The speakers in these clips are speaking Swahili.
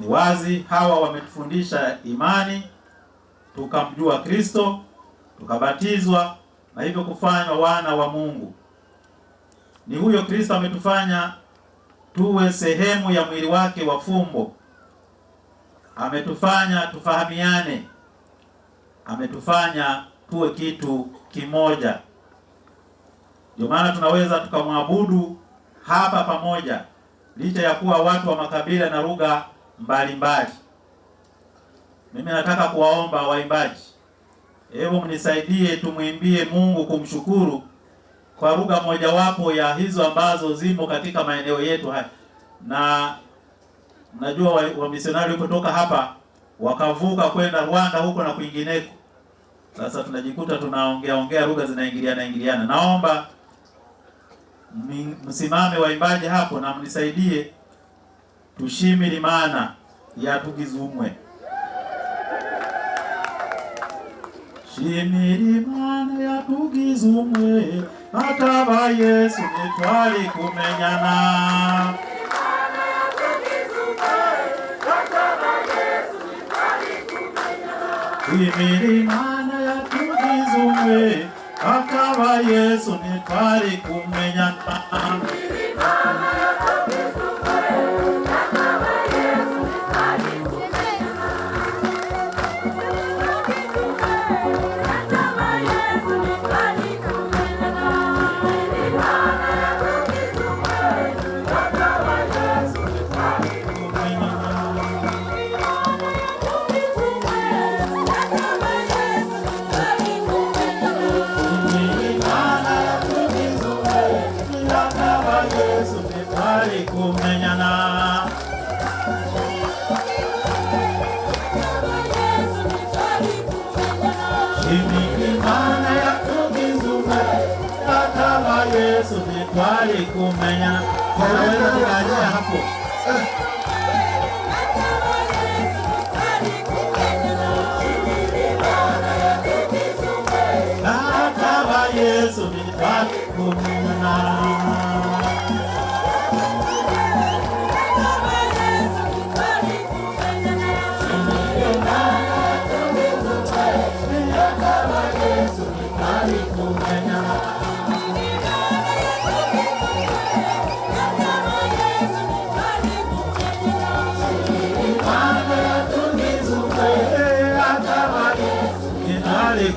Ni wazi hawa wametufundisha imani, tukamjua Kristo, tukabatizwa na hivyo kufanywa wana wa Mungu. Ni huyo Kristo ametufanya tuwe sehemu ya mwili wake wa fumbo, ametufanya tufahamiane, ametufanya tuwe kitu kimoja. Ndio maana tunaweza tukamwabudu hapa pamoja licha ya kuwa watu wa makabila na lugha mbalimbali. Mimi nataka kuwaomba waimbaji, hebu mnisaidie tumwimbie Mungu kumshukuru kwa lugha mojawapo ya hizo ambazo zimo katika maeneo yetu haya, na najua wamisionari kutoka hapa wakavuka kwenda Rwanda huko na kwingineko. Sasa tunajikuta tunaongea ongea lugha zinaingiliana ingiliana. Naomba msimame waimbaji hapo na mnisaidie tushimira imana yatugize umwe shimira imana yatugize umwe hataba yesu ntitwari kumenyana shimira imana yatugize umwe hataba yesu ntitwari kumenyana kumenyana imana yatugizume ataba kumenyana aweza hapo ataba Yesu nitwali kumenyana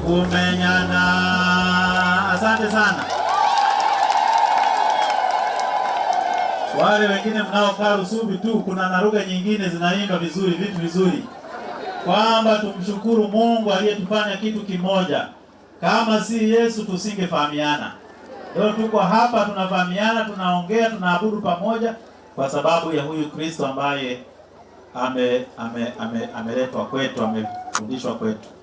kumenyana. Asante sana wale wengine mnaokaa Rusubi tu, kuna na lugha nyingine zinaimba vizuri, vitu vizuri, kwamba tumshukuru Mungu aliyetufanya kitu kimoja. Kama si Yesu tusingefahamiana. Leo tuko hapa tunafahamiana, tunaongea, tunaabudu pamoja kwa sababu ya huyu Kristo ambaye ameletwa ame, ame, ame kwetu, amefundishwa kwetu.